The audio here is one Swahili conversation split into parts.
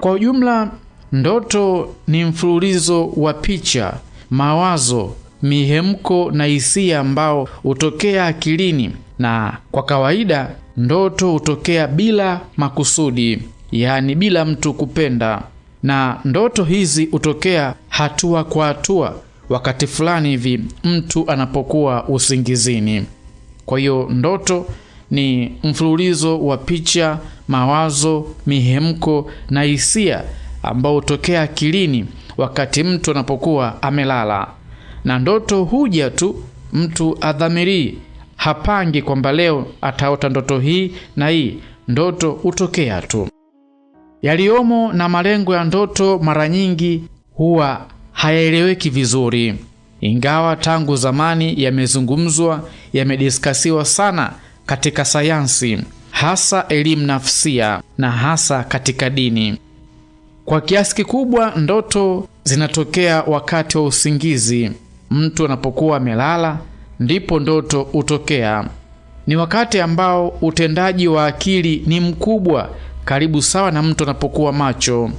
Kwa ujumla, ndoto ni mfululizo wa picha, mawazo, mihemko na hisia ambao hutokea akilini, na kwa kawaida ndoto hutokea bila makusudi, yaani bila mtu kupenda, na ndoto hizi hutokea hatua kwa hatua, wakati fulani hivi mtu anapokuwa usingizini. Kwa hiyo ndoto ni mfululizo wa picha, mawazo, mihemko na hisia ambao hutokea akilini wakati mtu anapokuwa amelala. Na ndoto huja tu, mtu adhamirii, hapangi kwamba leo ataota ndoto hii na hii. Ndoto hutokea tu. Yaliyomo na malengo ya ndoto mara nyingi huwa hayaeleweki vizuri, ingawa tangu zamani yamezungumzwa, yamediskasiwa sana katika sayansi, hasa elimu nafsia na hasa katika dini. Kwa kiasi kikubwa ndoto zinatokea wakati wa usingizi. Mtu anapokuwa amelala ndipo ndoto hutokea. Ni wakati ambao utendaji wa akili ni mkubwa, karibu sawa na mtu anapokuwa macho.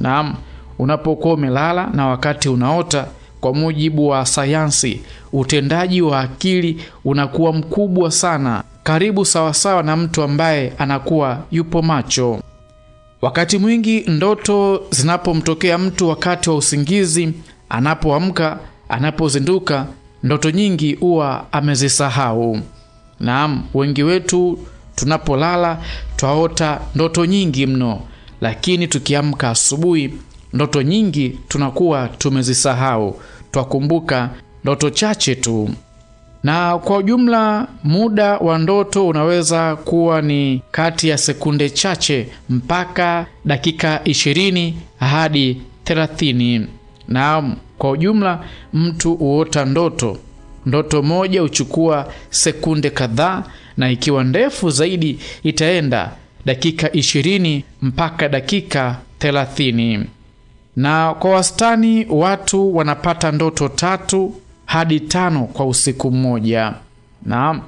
Naam, unapokuwa umelala na wakati unaota, kwa mujibu wa sayansi, utendaji wa akili unakuwa mkubwa sana karibu sawasawa na mtu ambaye anakuwa yupo macho. Wakati mwingi ndoto zinapomtokea mtu wakati wa usingizi, anapoamka, anapozinduka, ndoto nyingi huwa amezisahau. Naam, wengi wetu tunapolala twaota ndoto nyingi mno, lakini tukiamka asubuhi, ndoto nyingi tunakuwa tumezisahau, twakumbuka ndoto chache tu. Na kwa ujumla muda wa ndoto unaweza kuwa ni kati ya sekunde chache mpaka dakika 20 hadi 30. na kwa ujumla mtu huota ndoto. Ndoto moja huchukua sekunde kadhaa na ikiwa ndefu zaidi itaenda dakika 20 mpaka dakika 30. Na kwa wastani watu wanapata ndoto tatu hadi tano kwa usiku mmoja. Naam,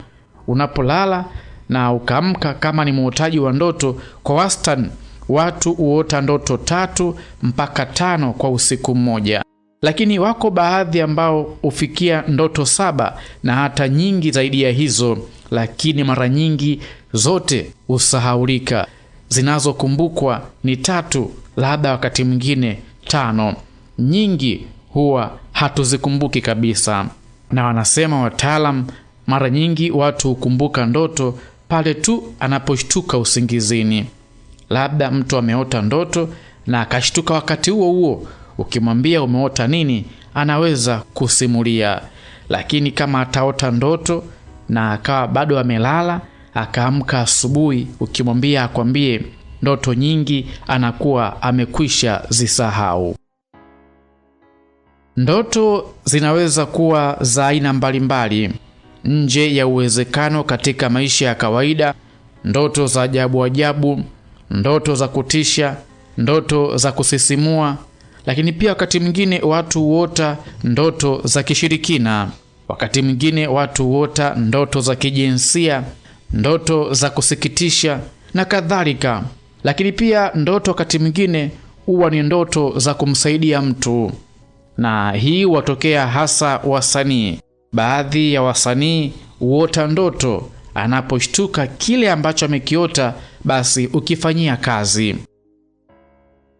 unapolala na ukaamka kama ni muotaji wa ndoto, kwa wastani watu huota ndoto tatu mpaka tano kwa usiku mmoja, lakini wako baadhi ambao hufikia ndoto saba na hata nyingi zaidi ya hizo, lakini mara nyingi zote husahaulika. Zinazokumbukwa ni tatu, labda wakati mwingine tano. Nyingi huwa hatuzikumbuki kabisa, na wanasema wataalam, mara nyingi watu hukumbuka ndoto pale tu anaposhtuka usingizini. Labda mtu ameota ndoto na akashtuka wakati huo huo, ukimwambia umeota nini, anaweza kusimulia. Lakini kama ataota ndoto na akawa bado amelala, akaamka asubuhi, ukimwambia akwambie, ndoto nyingi anakuwa amekwisha zisahau. Ndoto zinaweza kuwa za aina mbalimbali, nje ya uwezekano katika maisha ya kawaida, ndoto za ajabu ajabu, ndoto za kutisha, ndoto za kusisimua, lakini pia wakati mwingine watu huota ndoto za kishirikina, wakati mwingine watu huota ndoto za kijinsia, ndoto za kusikitisha na kadhalika. Lakini pia ndoto wakati mwingine huwa ni ndoto za kumsaidia mtu na hii watokea hasa wasanii. Baadhi ya wasanii huota ndoto, anaposhtuka kile ambacho amekiota basi ukifanyia kazi.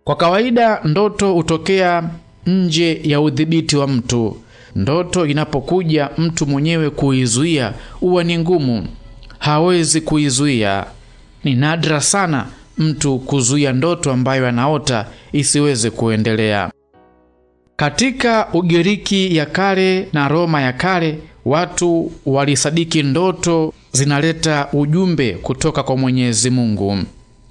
Kwa kawaida ndoto hutokea nje ya udhibiti wa mtu. Ndoto inapokuja mtu mwenyewe kuizuia huwa ni ngumu, hawezi kuizuia. Ni nadra sana mtu kuzuia ndoto ambayo anaota isiweze kuendelea. Katika Ugiriki ya kale na Roma ya kale, watu walisadiki ndoto zinaleta ujumbe kutoka kwa Mwenyezi Mungu.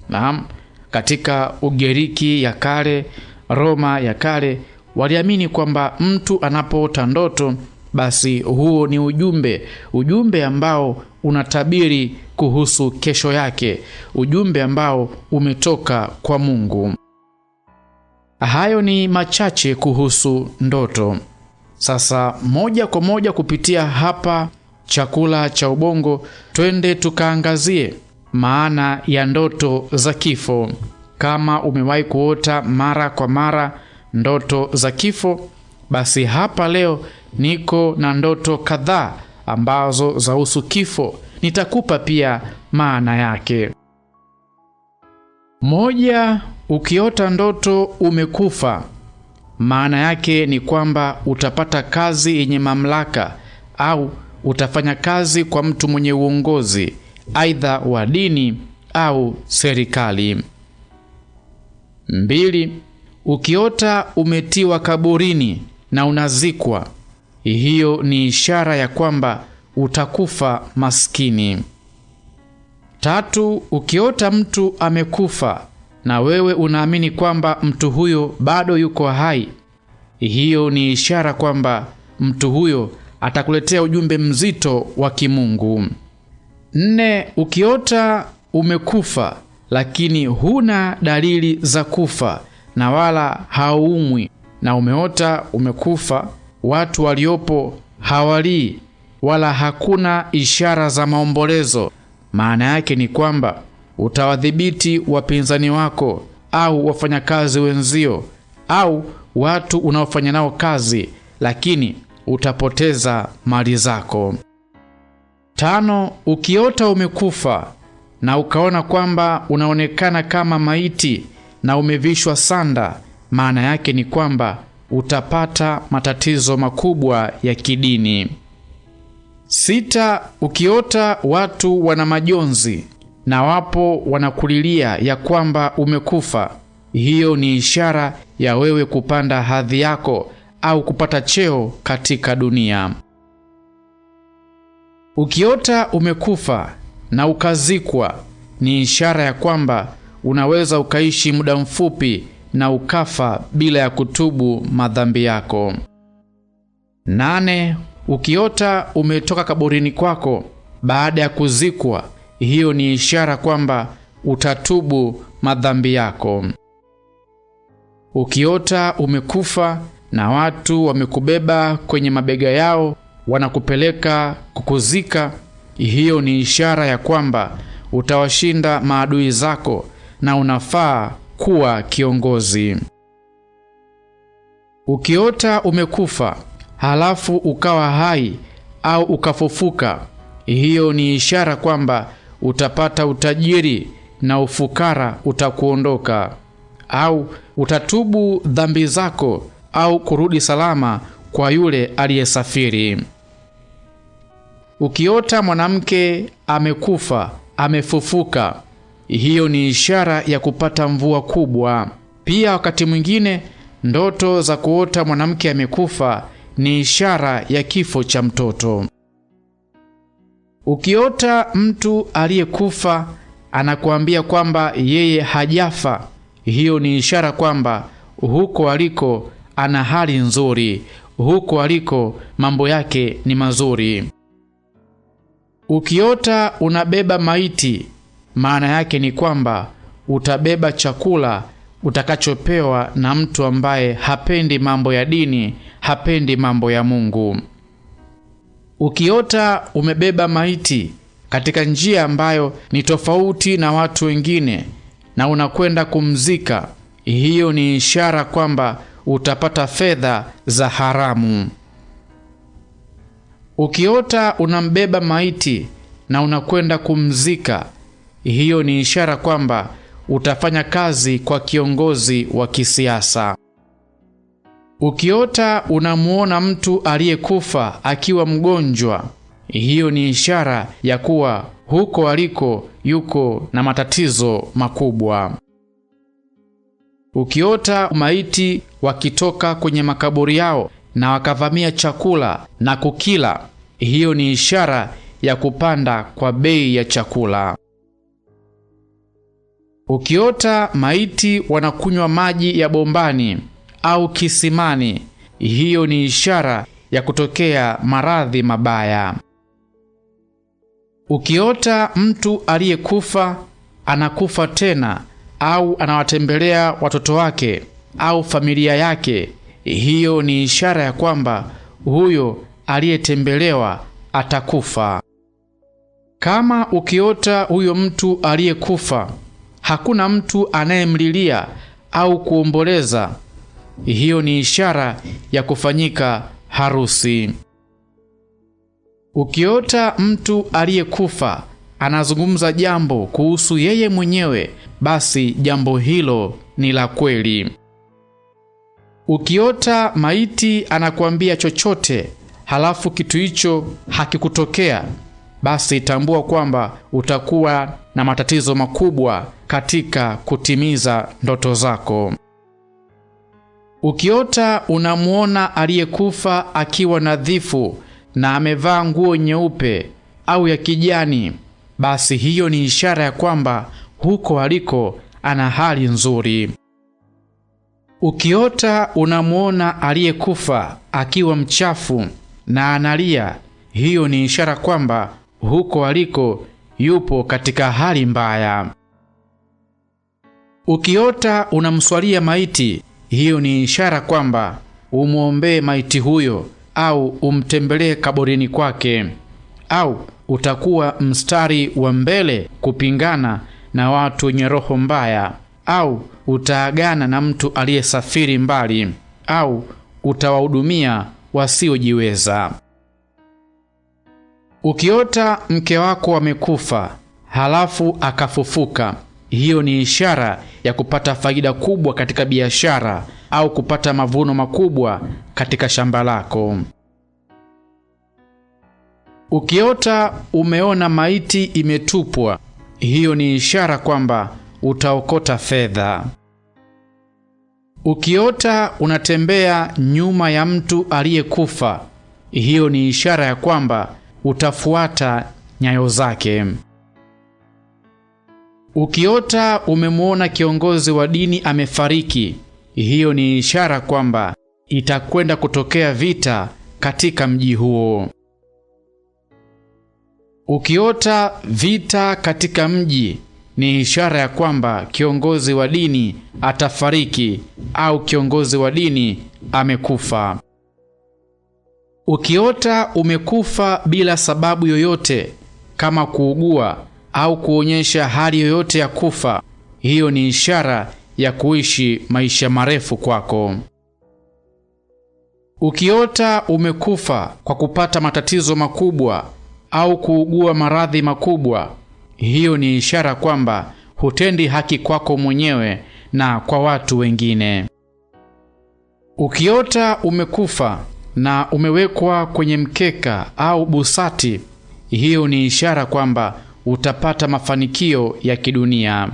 Naam, katika Ugiriki ya kale, Roma ya kale waliamini kwamba mtu anapoota ndoto basi huo ni ujumbe, ujumbe ambao unatabiri kuhusu kesho yake, ujumbe ambao umetoka kwa Mungu. Hayo ni machache kuhusu ndoto. Sasa moja kwa moja kupitia hapa Chakula cha Ubongo, twende tukaangazie maana ya ndoto za kifo. Kama umewahi kuota mara kwa mara ndoto za kifo, basi hapa leo niko na ndoto kadhaa ambazo zahusu kifo. Nitakupa pia maana yake. Moja Ukiota ndoto umekufa, maana yake ni kwamba utapata kazi yenye mamlaka au utafanya kazi kwa mtu mwenye uongozi, aidha wa dini au serikali. Mbili, ukiota umetiwa kaburini na unazikwa, hiyo ni ishara ya kwamba utakufa maskini. Tatu, ukiota mtu amekufa na wewe unaamini kwamba mtu huyo bado yuko hai, hiyo ni ishara kwamba mtu huyo atakuletea ujumbe mzito wa kimungu. Nne, ukiota umekufa lakini huna dalili za kufa na wala hauumwi, na umeota umekufa, watu waliopo hawalii wala hakuna ishara za maombolezo, maana yake ni kwamba Utawadhibiti wapinzani wako au wafanyakazi wenzio au watu unaofanya nao kazi, lakini utapoteza mali zako. Tano, ukiota umekufa na ukaona kwamba unaonekana kama maiti na umevishwa sanda, maana yake ni kwamba utapata matatizo makubwa ya kidini. Sita, ukiota watu wana majonzi na wapo wanakulilia ya kwamba umekufa, hiyo ni ishara ya wewe kupanda hadhi yako au kupata cheo katika dunia. Ukiota umekufa na ukazikwa, ni ishara ya kwamba unaweza ukaishi muda mfupi na ukafa bila ya kutubu madhambi yako. Nane, ukiota umetoka kaburini kwako baada ya kuzikwa hiyo ni ishara kwamba utatubu madhambi yako. Ukiota umekufa na watu wamekubeba kwenye mabega yao wanakupeleka kukuzika, hiyo ni ishara ya kwamba utawashinda maadui zako na unafaa kuwa kiongozi. Ukiota umekufa halafu ukawa hai au ukafufuka, hiyo ni ishara kwamba utapata utajiri na ufukara utakuondoka, au utatubu dhambi zako au kurudi salama kwa yule aliyesafiri. Ukiota mwanamke amekufa amefufuka, hiyo ni ishara ya kupata mvua kubwa. Pia wakati mwingine ndoto za kuota mwanamke amekufa ni ishara ya kifo cha mtoto. Ukiota mtu aliyekufa anakuambia kwamba yeye hajafa, hiyo ni ishara kwamba huko aliko ana hali nzuri, huko aliko mambo yake ni mazuri. Ukiota unabeba maiti, maana yake ni kwamba utabeba chakula utakachopewa na mtu ambaye hapendi mambo ya dini, hapendi mambo ya Mungu. Ukiota umebeba maiti katika njia ambayo ni tofauti na watu wengine na unakwenda kumzika, hiyo ni ishara kwamba utapata fedha za haramu. Ukiota unambeba maiti na unakwenda kumzika, hiyo ni ishara kwamba utafanya kazi kwa kiongozi wa kisiasa. Ukiota unamuona mtu aliyekufa akiwa mgonjwa, hiyo ni ishara ya kuwa huko aliko yuko na matatizo makubwa. Ukiota maiti wakitoka kwenye makaburi yao na wakavamia chakula na kukila, hiyo ni ishara ya kupanda kwa bei ya chakula. Ukiota maiti wanakunywa maji ya bombani au kisimani, hiyo ni ishara ya kutokea maradhi mabaya. Ukiota mtu aliyekufa anakufa tena au anawatembelea watoto wake au familia yake, hiyo ni ishara ya kwamba huyo aliyetembelewa atakufa. Kama ukiota huyo mtu aliyekufa, hakuna mtu anayemlilia au kuomboleza hiyo ni ishara ya kufanyika harusi. Ukiota mtu aliyekufa anazungumza jambo kuhusu yeye mwenyewe, basi jambo hilo ni la kweli. Ukiota maiti anakuambia chochote, halafu kitu hicho hakikutokea, basi tambua kwamba utakuwa na matatizo makubwa katika kutimiza ndoto zako. Ukiota unamuona aliyekufa akiwa nadhifu na amevaa nguo nyeupe au ya kijani, basi hiyo ni ishara ya kwamba huko aliko ana hali nzuri. Ukiota unamuona aliyekufa akiwa mchafu na analia, hiyo ni ishara kwamba huko aliko yupo katika hali mbaya. Ukiota unamswalia maiti hiyo ni ishara kwamba umwombee maiti huyo au umtembelee kaburini kwake, au utakuwa mstari wa mbele kupingana na watu wenye roho mbaya, au utaagana na mtu aliyesafiri mbali, au utawahudumia wasiojiweza. Ukiota mke wako amekufa halafu akafufuka hiyo ni ishara ya kupata faida kubwa katika biashara au kupata mavuno makubwa katika shamba lako. Ukiota umeona maiti imetupwa, hiyo ni ishara kwamba utaokota fedha. Ukiota unatembea nyuma ya mtu aliyekufa, hiyo ni ishara ya kwamba utafuata nyayo zake. Ukiota umemwona kiongozi wa dini amefariki, hiyo ni ishara kwamba itakwenda kutokea vita katika mji huo. Ukiota vita katika mji ni ishara ya kwamba kiongozi wa dini atafariki au kiongozi wa dini amekufa. Ukiota umekufa bila sababu yoyote kama kuugua au kuonyesha hali yoyote ya kufa, hiyo ni ishara ya kuishi maisha marefu kwako. Ukiota umekufa kwa kupata matatizo makubwa au kuugua maradhi makubwa, hiyo ni ishara kwamba hutendi haki kwako mwenyewe na kwa watu wengine. Ukiota umekufa na umewekwa kwenye mkeka au busati, hiyo ni ishara kwamba utapata mafanikio ya kidunia.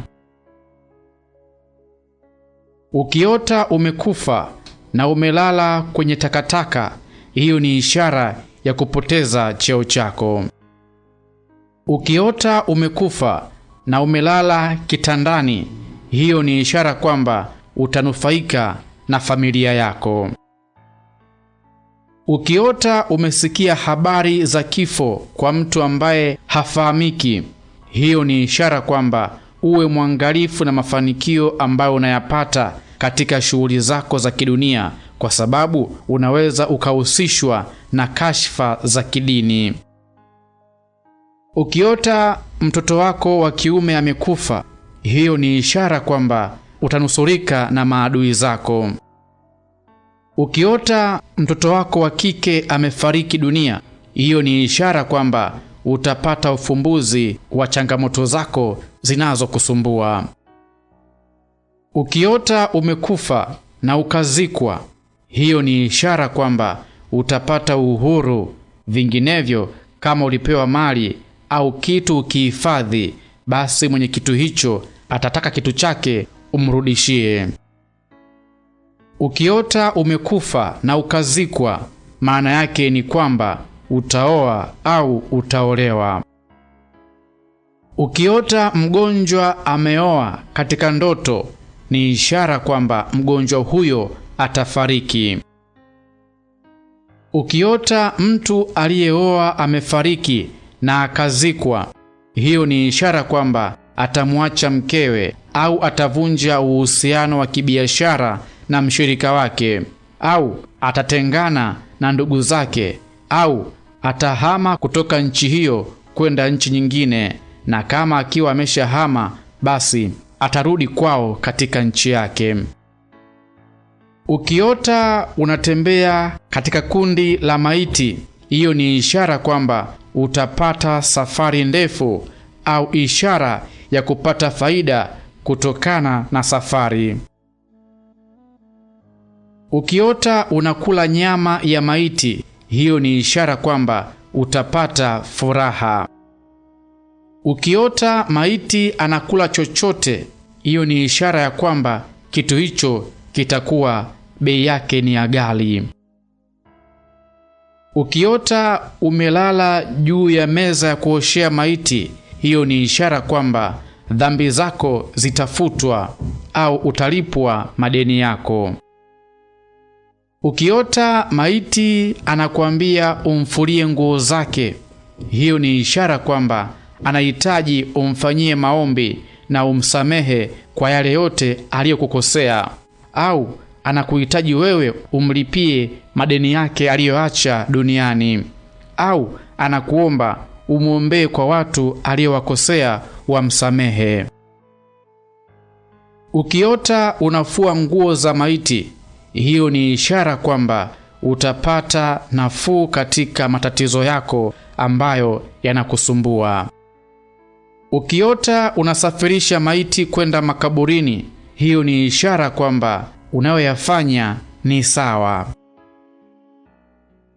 Ukiota umekufa na umelala kwenye takataka, hiyo ni ishara ya kupoteza cheo chako. Ukiota umekufa na umelala kitandani, hiyo ni ishara kwamba utanufaika na familia yako. Ukiota umesikia habari za kifo kwa mtu ambaye hafahamiki, hiyo ni ishara kwamba uwe mwangalifu na mafanikio ambayo unayapata katika shughuli zako za kidunia, kwa sababu unaweza ukahusishwa na kashfa za kidini. Ukiota mtoto wako wa kiume amekufa, hiyo ni ishara kwamba utanusurika na maadui zako. Ukiota mtoto wako wa kike amefariki dunia, hiyo ni ishara kwamba utapata ufumbuzi wa changamoto zako zinazokusumbua. Ukiota umekufa na ukazikwa, hiyo ni ishara kwamba utapata uhuru. Vinginevyo, kama ulipewa mali au kitu ukihifadhi, basi mwenye kitu hicho atataka kitu chake umrudishie. Ukiota umekufa na ukazikwa, maana yake ni kwamba utaoa au utaolewa. Ukiota mgonjwa ameoa katika ndoto, ni ishara kwamba mgonjwa huyo atafariki. Ukiota mtu aliyeoa amefariki na akazikwa, hiyo ni ishara kwamba atamwacha mkewe au atavunja uhusiano wa kibiashara na mshirika wake, au atatengana na ndugu zake, au atahama kutoka nchi hiyo kwenda nchi nyingine, na kama akiwa ameshahama basi atarudi kwao katika nchi yake. Ukiota unatembea katika kundi la maiti, hiyo ni ishara kwamba utapata safari ndefu au ishara ya kupata faida kutokana na safari. Ukiota unakula nyama ya maiti, hiyo ni ishara kwamba utapata furaha. Ukiota maiti anakula chochote, hiyo ni ishara ya kwamba kitu hicho kitakuwa bei yake ni ya ghali. Ukiota umelala juu ya meza ya kuoshea maiti, hiyo ni ishara kwamba dhambi zako zitafutwa au utalipwa madeni yako. Ukiota maiti anakuambia umfulie nguo zake, hiyo ni ishara kwamba anahitaji umfanyie maombi na umsamehe kwa yale yote aliyokukosea, au anakuhitaji wewe umlipie madeni yake aliyoacha duniani, au anakuomba umwombee kwa watu aliyowakosea wamsamehe. Ukiota unafua nguo za maiti hiyo ni ishara kwamba utapata nafuu katika matatizo yako ambayo yanakusumbua. Ukiota unasafirisha maiti kwenda makaburini, hiyo ni ishara kwamba unayoyafanya ni sawa.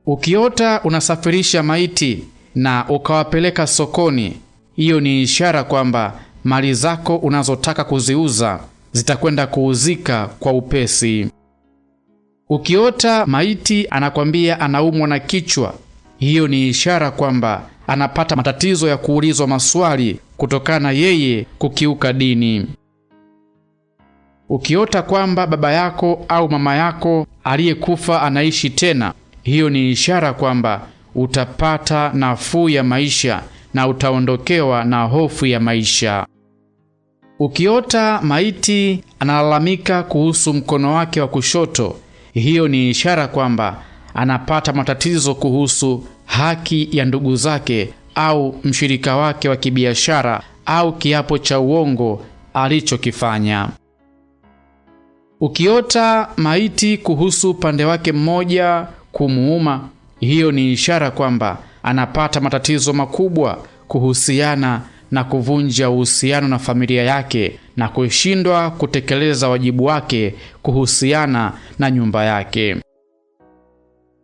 Ukiota unasafirisha maiti na ukawapeleka sokoni, hiyo ni ishara kwamba mali zako unazotaka kuziuza zitakwenda kuuzika kwa upesi. Ukiota maiti anakwambia anaumwa na kichwa, hiyo ni ishara kwamba anapata matatizo ya kuulizwa maswali kutokana na yeye kukiuka dini. Ukiota kwamba baba yako au mama yako aliyekufa anaishi tena, hiyo ni ishara kwamba utapata nafuu ya maisha na utaondokewa na hofu ya maisha. Ukiota maiti analalamika kuhusu mkono wake wa kushoto, hiyo ni ishara kwamba anapata matatizo kuhusu haki ya ndugu zake au mshirika wake wa kibiashara au kiapo cha uongo alichokifanya. Ukiota maiti kuhusu upande wake mmoja kumuuma, hiyo ni ishara kwamba anapata matatizo makubwa kuhusiana na kuvunja uhusiano na familia yake na kushindwa kutekeleza wajibu wake kuhusiana na nyumba yake.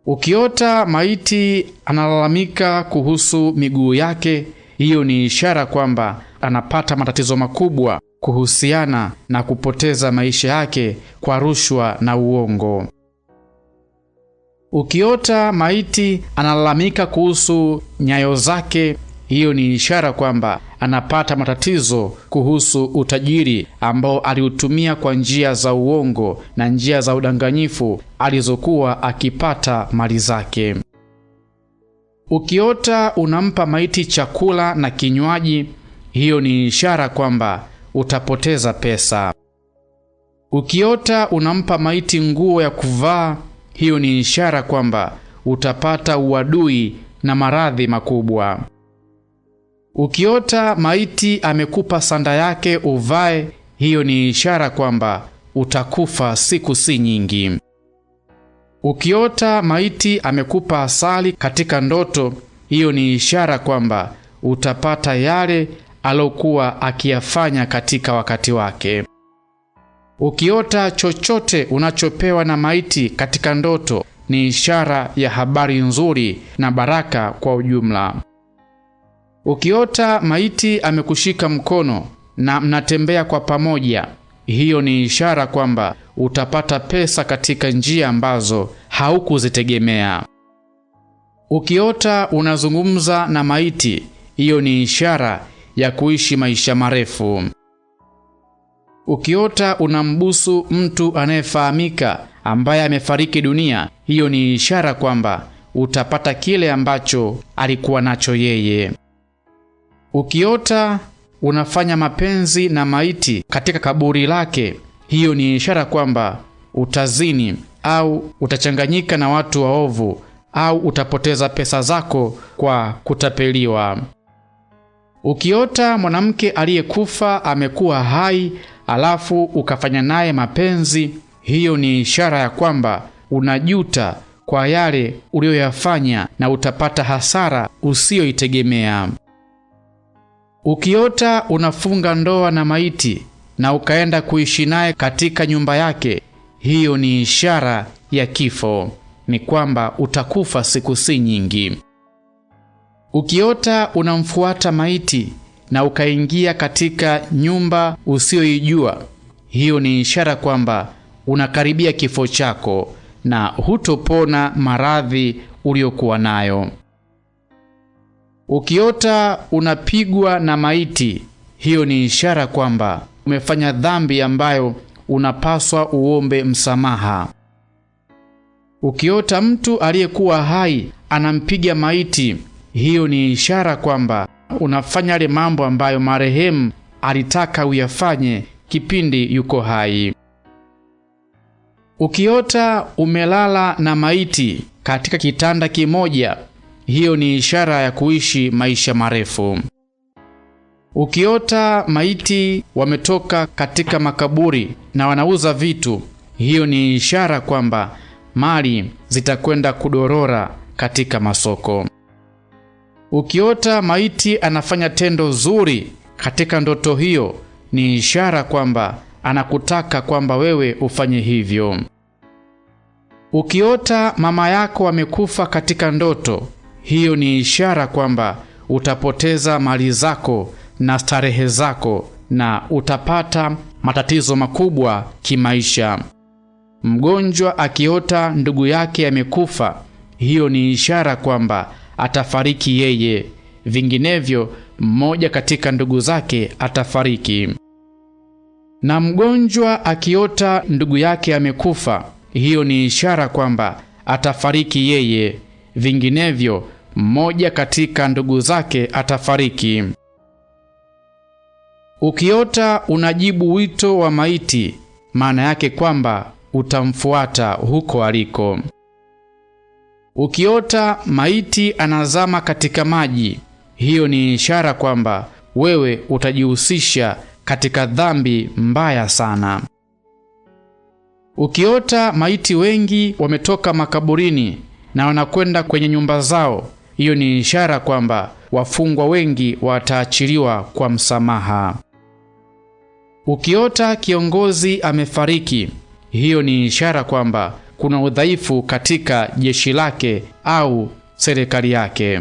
Ukiota maiti analalamika kuhusu miguu yake, hiyo ni ishara kwamba anapata matatizo makubwa kuhusiana na kupoteza maisha yake kwa rushwa na uongo. Ukiota maiti analalamika kuhusu nyayo zake, hiyo ni ishara kwamba anapata matatizo kuhusu utajiri ambao aliutumia kwa njia za uongo na njia za udanganyifu alizokuwa akipata mali zake. Ukiota unampa maiti chakula na kinywaji, hiyo ni ishara kwamba utapoteza pesa. Ukiota unampa maiti nguo ya kuvaa, hiyo ni ishara kwamba utapata uadui na maradhi makubwa. Ukiota maiti amekupa sanda yake uvae, hiyo ni ishara kwamba utakufa siku si nyingi. Ukiota maiti amekupa asali katika ndoto, hiyo ni ishara kwamba utapata yale alokuwa akiyafanya katika wakati wake. Ukiota chochote unachopewa na maiti katika ndoto, ni ishara ya habari nzuri na baraka kwa ujumla. Ukiota maiti amekushika mkono na mnatembea kwa pamoja, hiyo ni ishara kwamba utapata pesa katika njia ambazo haukuzitegemea. Ukiota unazungumza na maiti, hiyo ni ishara ya kuishi maisha marefu. Ukiota unambusu mtu anayefahamika ambaye amefariki dunia, hiyo ni ishara kwamba utapata kile ambacho alikuwa nacho yeye. Ukiota unafanya mapenzi na maiti katika kaburi lake, hiyo ni ishara kwamba utazini au utachanganyika na watu waovu au utapoteza pesa zako kwa kutapeliwa. Ukiota mwanamke aliyekufa amekuwa hai alafu ukafanya naye mapenzi, hiyo ni ishara ya kwamba unajuta kwa yale uliyoyafanya na utapata hasara usiyoitegemea. Ukiota unafunga ndoa na maiti na ukaenda kuishi naye katika nyumba yake, hiyo ni ishara ya kifo, ni kwamba utakufa siku si nyingi. Ukiota unamfuata maiti na ukaingia katika nyumba usiyoijua, hiyo ni ishara kwamba unakaribia kifo chako na hutopona maradhi uliyokuwa nayo. Ukiota unapigwa na maiti, hiyo ni ishara kwamba umefanya dhambi ambayo unapaswa uombe msamaha. Ukiota mtu aliyekuwa hai anampiga maiti, hiyo ni ishara kwamba unafanya yale mambo ambayo marehemu alitaka uyafanye kipindi yuko hai. Ukiota umelala na maiti katika kitanda kimoja, hiyo ni ishara ya kuishi maisha marefu. Ukiota maiti wametoka katika makaburi na wanauza vitu, hiyo ni ishara kwamba mali zitakwenda kudorora katika masoko. Ukiota maiti anafanya tendo zuri katika ndoto, hiyo ni ishara kwamba anakutaka kwamba wewe ufanye hivyo. Ukiota mama yako amekufa katika ndoto hiyo ni ishara kwamba utapoteza mali zako na starehe zako na utapata matatizo makubwa kimaisha. Mgonjwa akiota ndugu yake amekufa, ya hiyo ni ishara kwamba atafariki yeye, vinginevyo mmoja katika ndugu zake atafariki. Na mgonjwa akiota ndugu yake amekufa, ya hiyo ni ishara kwamba atafariki yeye vinginevyo mmoja katika ndugu zake atafariki. Ukiota unajibu wito wa maiti, maana yake kwamba utamfuata huko aliko. Ukiota maiti anazama katika maji, hiyo ni ishara kwamba wewe utajihusisha katika dhambi mbaya sana. Ukiota maiti wengi wametoka makaburini na wanakwenda kwenye nyumba zao. Hiyo ni ishara kwamba wafungwa wengi wataachiliwa kwa msamaha. Ukiota kiongozi amefariki, hiyo ni ishara kwamba kuna udhaifu katika jeshi lake au serikali yake.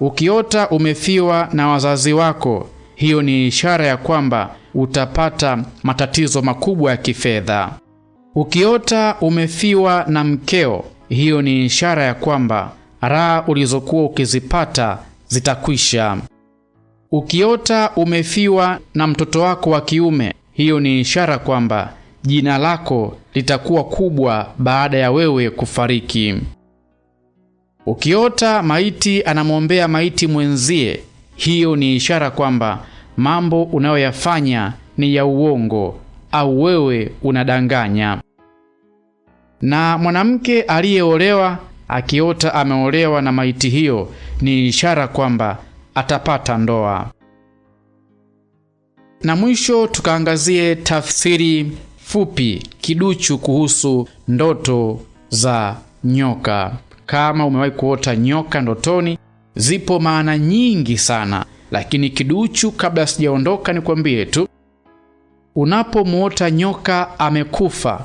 Ukiota umefiwa na wazazi wako, hiyo ni ishara ya kwamba utapata matatizo makubwa ya kifedha. Ukiota umefiwa na mkeo, hiyo ni ishara ya kwamba raha ulizokuwa ukizipata zitakwisha. Ukiota umefiwa na mtoto wako wa kiume, hiyo ni ishara kwamba jina lako litakuwa kubwa baada ya wewe kufariki. Ukiota maiti anamwombea maiti mwenzie, hiyo ni ishara kwamba mambo unayoyafanya ni ya uongo au wewe unadanganya. Na mwanamke aliyeolewa akiota ameolewa na maiti hiyo, ni ishara kwamba atapata ndoa. Na mwisho tukaangazie tafsiri fupi kiduchu kuhusu ndoto za nyoka. Kama umewahi kuota nyoka ndotoni, zipo maana nyingi sana, lakini kiduchu, kabla sijaondoka, nikwambie tu, unapomuota nyoka amekufa,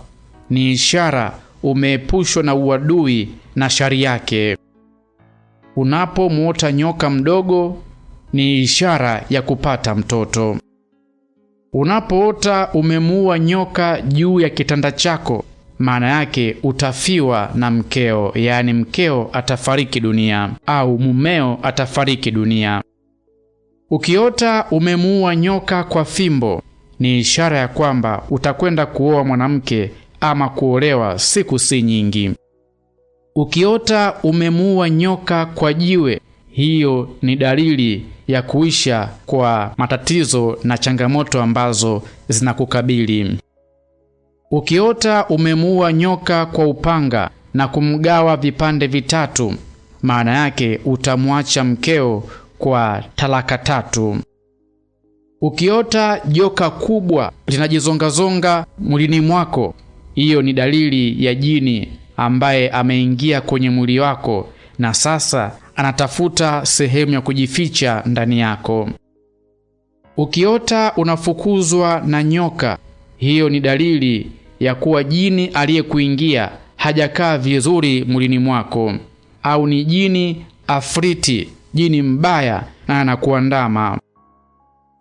ni ishara umeepushwa na uadui na shari yake. Unapomwota nyoka mdogo ni ishara ya kupata mtoto. Unapoota umemuua nyoka juu ya kitanda chako, maana yake utafiwa na mkeo, yaani mkeo atafariki dunia au mumeo atafariki dunia. Ukiota umemuua nyoka kwa fimbo, ni ishara ya kwamba utakwenda kuoa mwanamke ama kuolewa siku si nyingi. Ukiota umemuua nyoka kwa jiwe, hiyo ni dalili ya kuisha kwa matatizo na changamoto ambazo zinakukabili. Ukiota umemuua nyoka kwa upanga na kumgawa vipande vitatu, maana yake utamwacha mkeo kwa talaka tatu. Ukiota joka kubwa linajizongazonga mwilini mwako hiyo ni dalili ya jini ambaye ameingia kwenye mwili wako na sasa anatafuta sehemu ya kujificha ndani yako. Ukiota unafukuzwa na nyoka, hiyo ni dalili ya kuwa jini aliyekuingia hajakaa vizuri mwilini mwako, au ni jini afriti, jini mbaya na anakuandama.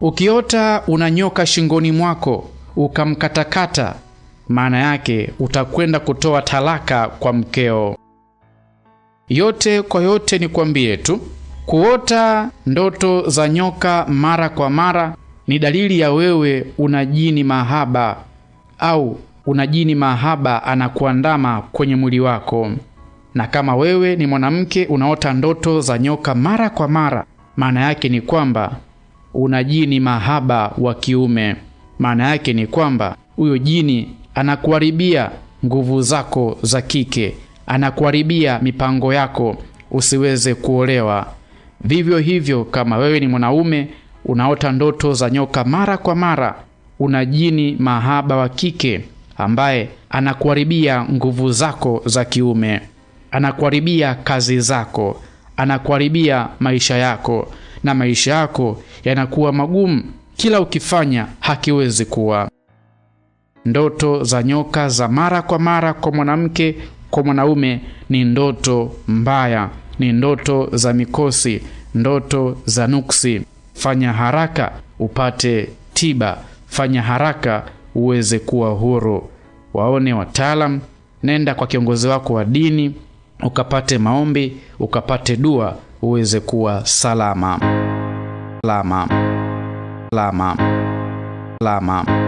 Ukiota una nyoka shingoni mwako ukamkatakata maana yake utakwenda kutoa talaka kwa mkeo. Yote kwa yote, kwambie tu, kuota ndoto za nyoka mara kwa mara ni dalili ya wewe una jini mahaba au una jini mahaba anakuandama kwenye mwili wako. Na kama wewe ni mwanamke unaota ndoto za nyoka mara kwa mara, maana yake ni kwamba una jini mahaba wa kiume. Maana yake ni kwamba huyo jini anakuharibia nguvu zako za kike, anakuharibia mipango yako usiweze kuolewa. Vivyo hivyo, kama wewe ni mwanaume unaota ndoto za nyoka mara kwa mara, una jini mahaba wa kike ambaye anakuharibia nguvu zako za kiume, anakuharibia kazi zako, anakuharibia maisha yako, na maisha yako yanakuwa magumu, kila ukifanya hakiwezi kuwa Ndoto za nyoka za mara kwa mara kwa mwanamke, kwa mwanaume ni ndoto mbaya, ni ndoto za mikosi, ndoto za nuksi. Fanya haraka upate tiba, fanya haraka uweze kuwa huru. Waone wataalam, nenda kwa kiongozi wako wa dini ukapate maombi, ukapate dua, uweze kuwa salama. Lama. Lama. Lama.